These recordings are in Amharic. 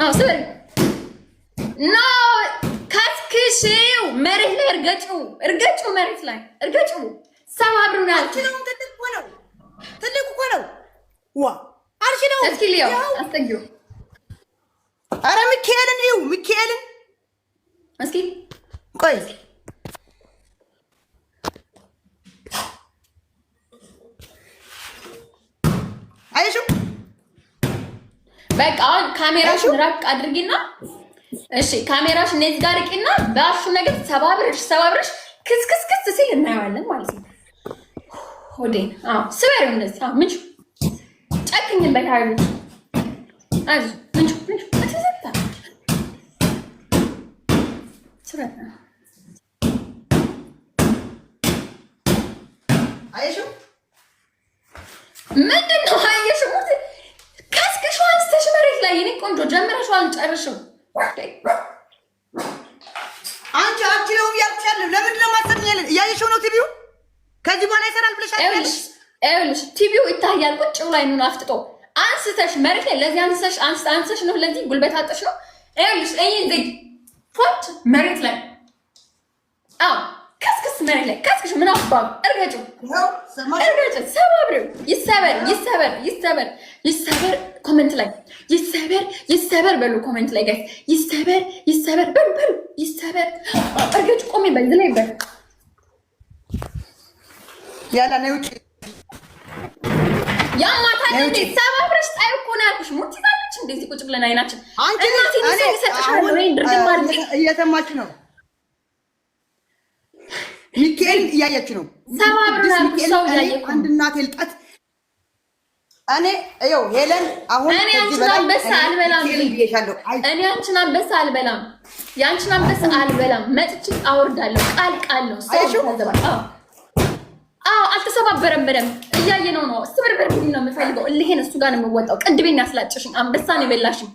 ኖ ከትክሽው መሬት ላይ እርገጩ፣ እርገጩ፣ መሬት ላይ እርገጩ። ሰው አብሩና አልችልም። ትልቅ ነው፣ ነው። እስኪ ቆይ በቃ አሁን ካሜራሽን ራቅ አድርጊና፣ እሺ ካሜራሽን እዚህ ጋር ርቂና፣ በአሹ ነገር ሰባብርሽ ሰባብርሽ ክስክስክስ ሲል እናየዋለን ማለት ነው። ሆዴ ጨክኝን አዙ አየሽው ምንድን ነው አየሽው? ላይ የኔ ቆንጆ ጀምረሽው አልጨርሽም። አንቺ አንቺ ነው ያልቻለሁ። ለምን ለማሰብ ያየሽው ነው ቲቪው ከዚህ በኋላ ይሰራል ብለሽ አይደልሽ? ይኸውልሽ ቲቪው ይታያል። ቁጭ ብሎ አይኑን አፍጥጦ አንስተሽ መሬት ላይ ለዚህ አንስተሽ አንስተሽ ነው ለዚህ ጉልበት አጥሽ ነው። ይኸውልሽ እይ ፎት መሬት ላይ አዎ መሬት ላይ ቀስቅሽ ምን አባብ እርገጩ እርገጩ፣ ሰባብሪው። ይሰበር ይሰበር ይሰበር ይሰበር፣ ኮመንት ላይ ይሰበር ይሰበር በሉ፣ ኮመንት ላይ ጋይስ ይሰበር ይሰበር በሉ በሉ፣ ይሰበር እርገጩ። ቆሜ በዚህ ላይ በል ያላ ነው ውጭ ያማታል እንዴ ሰባብረሽ ጣይ እኮ ነው ያልኩሽ። ሙት ይዛለች እንደዚህ ቁጭ ብለን አይናችን አንቺ እናቴ ሰጠሻ ድርግ ማለት እየሰማች ነው ሚካኤል እያየች ነው። አንድ እናት ልጣት እኔ ው ሄለን አሁን እኔ አንቺን አንበሳ አልበላም። እኔ አንቺን አንበሳ አልበላም። የአንቺን አንበሳ አልበላም። መጥቼ አወርዳለሁ። ቃል ቃል ነው። አዎ አልተሰባበረም። በደምብ ነው። ስብርብር ነው የምፈልገው። እልሄን እሱ ጋር ነው የምወጣው። ቅድቤን ያስላጨሽኝ አንበሳ ነው የበላሽኝ።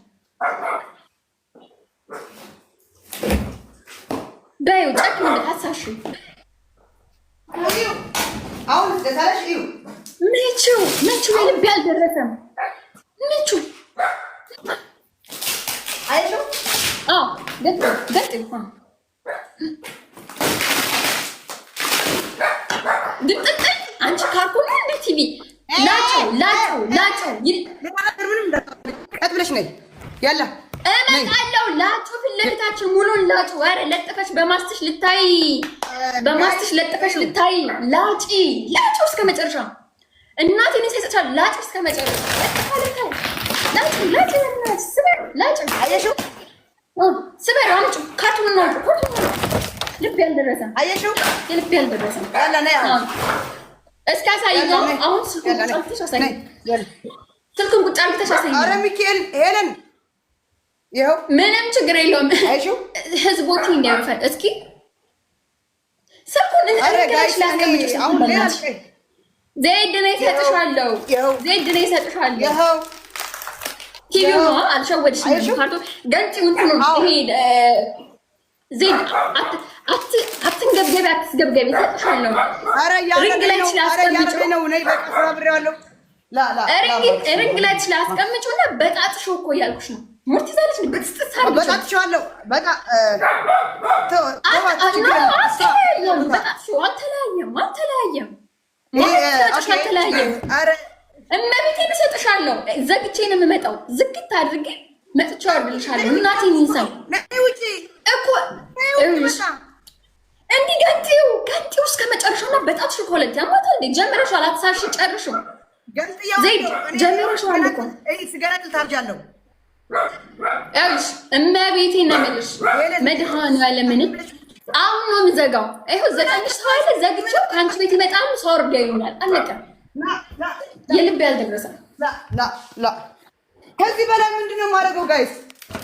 በይው ጨክ አሁን እስከታለሽ እዩ ምቹ ምቹ የልቤ አልደረሰም። ምቹ አይሉ አዎ ገጥ ገጥ ግጥጥ አንቺ ካርኩን እንደ ቲቪ ላጩ ብለሽ ነይ ያላ እመጣለሁ። ላጩ ፊት ለፊታችን ሙሉን ላጩ። ኧረ ለጥፈሽ በማስትሽ ልታይ በማስትሽ ለጥፈሽ ልታይ ላጪ ላጪ እስከ መጨረሻ እናቴ እኔ ሳይሰጥሻል ላጪ እስከ መጨረሻ ልብ ያልደረሰ አየሽው ልብ ያልደረሰ ያለ ነው አሁን ስልኩን ቁጭ አድርገሽ አሳይኝ ኧረ ሚካኤል ሄለን ይኸው ምንም ችግር የለውም ህዝቦቹ እንዲያፈል እስኪ ዘይድ ነው ይሰጥሻለሁ። ዘይድ ነው ይሰጥሻለሁ። ኪዩማ አልሸወድሽም። ካርቶ ገንጪውን ይሄ ዘይድ አትንገብገቢ፣ አትስገብገቢ። ይሰጥሻለሁ። ሪንግ ላይ ትችላስቀምጪው እና በጣጥሽው እኮ እያልኩሽ ነው ሞርት ይዛለች። በጣትሽዋለሁ። አልተለያየም፣ አልተለያየም፣ አልተለያየም። እመቤቴን እሰጥሻለሁ። ዘግቼ ነው የምመጣው። ዝግት አድርጌ መጥቼ አወርድልሻለሁ። እናቴን ይንሳው እኮ እንዲህ ገንጤው ገንጤው እስከ መጨረሻውና በጣትሽ ኮለጅ አማታ እንዴ ጀምረሻል። አትሳሽ ጨርሽው ዘይድ ጀምረሻል እኮ ስገረጥል ታርጃለሁ እሺ እመቤቴ ነው የምልሽ፣ መድኃኒዓለምን አሁን ነው የምዘጋው። ይኸው ዘጋኝሽ ሰው ዘግቼው ከአንቺ ቤት በጣም ሰው ይሆናል። አለቀ። የልብ ያልደረሰ ከዚህ በላይ ምንድን ነው የማደርገው? ጋይስ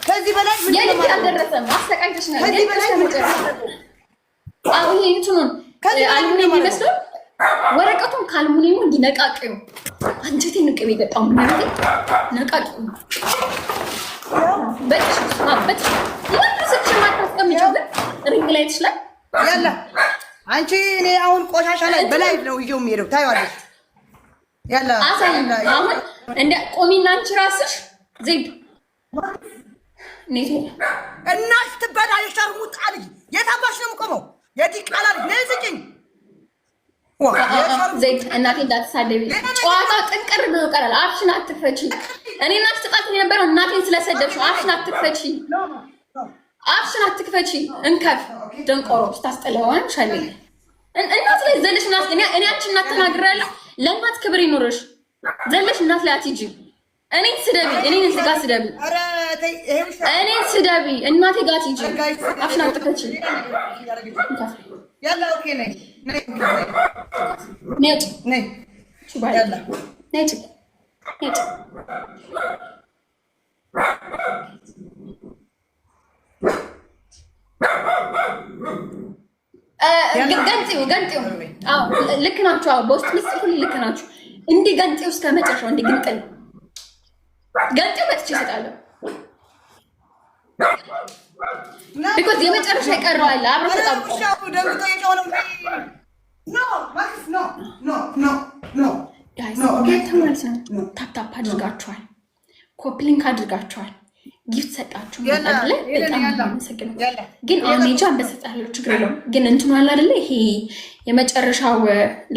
ከዚህ በላይ የልብ ያልደረሰም አሰቃይተሽ ነው። ከዚህ በላይ ምንድን የሚመስለው ወረቀቱን ከአልሙኒየሙ እንዲነቃቂው አንጀቴ ንቅብ የገጣው ምናምን ነቃቂው በማበት ይመስች ማታስቀምጫው ሪንግ ላይ ትችላል። ያለ አንቺ እኔ አሁን ቆሻሻ ላይ በላይ ነው ይዤው የሚሄደው ታይዋለሽ። ያለ አሁን እንደ ቆሚና አንቺ ራስሽ ዜድ እናሽ ትበላለሽ። አርሙጣ ልጅ የታባሽ ነው የምቆመው የዲቃላ ልጅ ነይ እናቴ እንዳትሳደቢ። ጨዋታው ጥንቅር ብሎ ይቀራል። አፍሽን አትፈቺ። እኔ እናትሽ ጥቃት የነበረው እናቴን ስለሰደብሽ አፍሽን አትፈቺ፣ አፍሽን አትክፈቺ። እንከፍ ደንቆሮ ስታስጠለዋን ሻለ እናት ላይ ዘለሽ እናት እኔ አንቺን እናት ተናግሬያለሁ። ለእናት ክብር ይኑርሽ። ዘለሽ እናት ላይ አትሂጂ። እኔን ስደቢ፣ እኔን እዚህ ጋር ስደቢ፣ እኔን ስደቢ። እናቴ ጋር አትሂጂ። አፍሽን አትፈቺ። ያላ ልክ ናችሁ። በውስጥ ምስል ልክ ናችሁ። እንዲህ ገንጤው እስከ መጨረሻው እንዲህ ግንጥል ገንጤው መጥቼ እሰጣለሁ። ቢኮዝ የመጨረሻ ይቀረዋል። አብሮ ታፕታፕ አድርጋችኋል፣ ኮፕሊንክ አድርጋችኋል፣ ጊፍት ሰጣችሁ። ግን አሜጃ በሰጣለው ችግር የለውም። ግን እንትኑ አለ አይደለ? ይሄ የመጨረሻው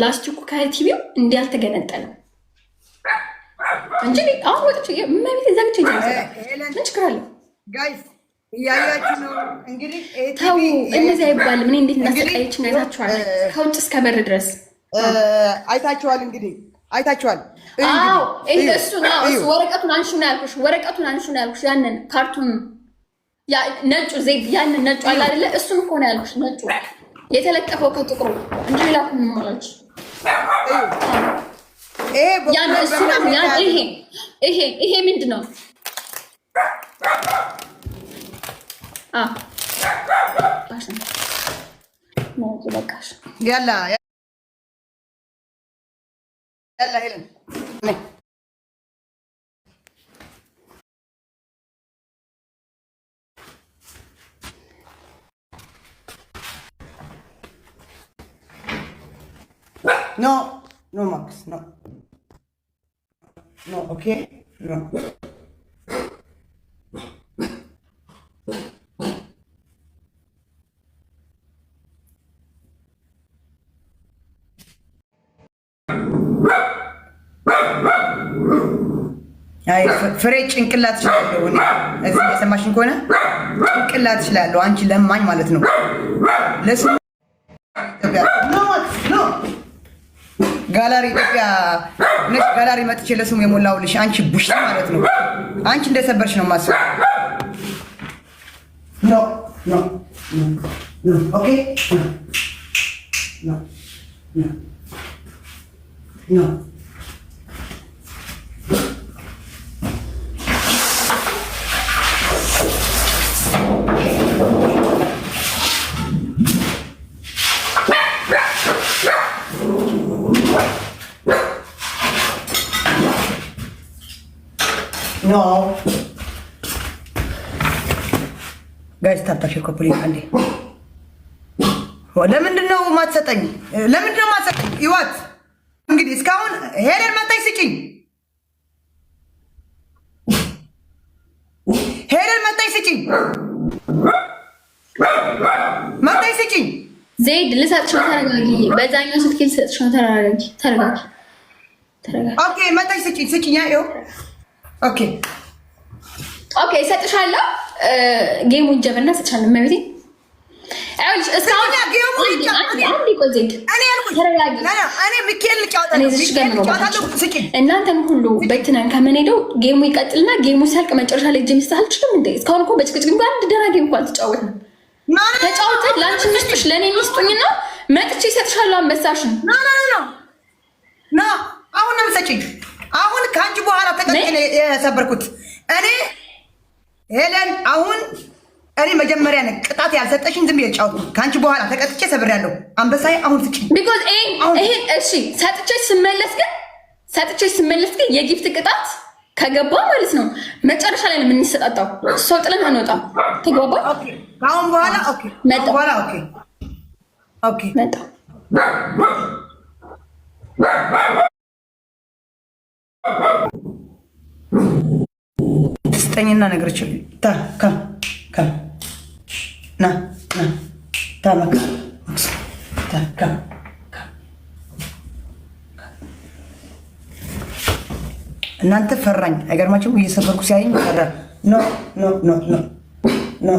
ላስቲኩ ከቲቪው እንዲህ አልተገነጠለም እንጂ አሁን ወጥቼ መቤት ዘግቼ ምን ችግር አለው? እያያችሁ ነው እንግዲህ። ተው እንደዚህ አይባልም። እኔ እንዴት እናሰቃየችን አይታችኋል፣ ከውጭ እስከ በር ድረስ አይታችኋል። እንግዲህ አይታችኋል። እሱ ወረቀቱን አንሹ ነው ያልኩሽ፣ ወረቀቱን አንሹ ነው ያልኩሽ። ያንን ካርቱን ነጩ ዜግ ያንን ነጩ አለ አይደለ? እሱን እኮ ነው ያልኩሽ። ነጩ የተለጠፈው ከጥቁሩ እንጂ ሌላ ምሞላች ይሄ ይሄ ይሄ ምንድን ነው? Ah. No quiero caso. Ya la, ya. Ya la, Helen. No, no, Max, no. No, ok? No. ፍሬ ጭንቅላት እችላለሁ። እዚህ የሰማሽን ከሆነ ጭንቅላት ችላለሁ አንቺ ለማኝ ማለት ነው። ጋላሪ ኢትዮጵያ ጋላሪ መጥቼ ለስሙ የሞላሁልሽ አንቺ ቡሽ ማለት ነው። አንቺ እንደሰበርሽ ነው የማስበው። ኦኬ እኮ ኮፕሌ አንዴ ለምንድን ነው ማትሰጠኝ? ለምንድን ነው ማትሰጠኝ? ይዋት እንግዲህ እስካሁን ሄደን መጣች ስጭኝ፣ ሄደን መጣች ስጭኝ፣ መጣች ስጭኝ። ዘይድ ልሰጥሽ ነው፣ ተረጋጊ። በዛኛው ስልክ ልሰጥሽ ነው፣ ተረጋጊ፣ ተረጋጊ፣ ኦኬ፣ መጣች ስጭኝ፣ ስጭኝ። ያው ኦኬ፣ ኦኬ፣ እሰጥሻለሁ ጌሙ ይጀብና ስቻለን መቤቴ እናንተም ሁሉ በትናን ከምን ሄደው ጌሙ ይቀጥልና ጌሙ ሲያልቅ መጨረሻ ላይ እጅ ሚስት አልችልም እንደ እስካሁን እኮ በጭቅጭቅ እንኳ አንድ ደህና ጌም እኮ አልተጫወትንም። ተጫውተን ለአንቺ ምስጡሽ ለእኔ ሚስጡኝና መጥቼ ይሰጥሻሉ። አንበሳሽን አሁን ነው የምትሰጪኝ። አሁን ከአንቺ በኋላ ተቀ የሰበርኩት እኔ ሄለን አሁን እኔ መጀመሪያ ነ ቅጣት ያልሰጠሽኝ ዝም ብዬሽ ጫወት። ከአንቺ በኋላ ተቀጥቼ ሰብሬያለሁ። አንበሳዬ አሁን ስጭ። ቢኮዝ ይሄን እሺ ሰጥቼሽ ስመለስ ግን ሰጥቼሽ ስመለስ ግን የጊፍት ቅጣት ከገባ ማለት ነው መጨረሻ ላይ የምንሰጣጣው ሰው ጥለን አንወጣም። ተግባባ? ከአሁን በኋላ ኦኬ። በኋላ ኦኬ ኦኬ መጣ እርግጠኝና ነግረችልኝ ታ ካ ካ ና ና ታ መካ ታ ካ እናንተ ፈራኝ አይገርማችሁም? እየሰበርኩ ሲያየኝ ፈራ ኖ ኖ ኖ ኖ ኖ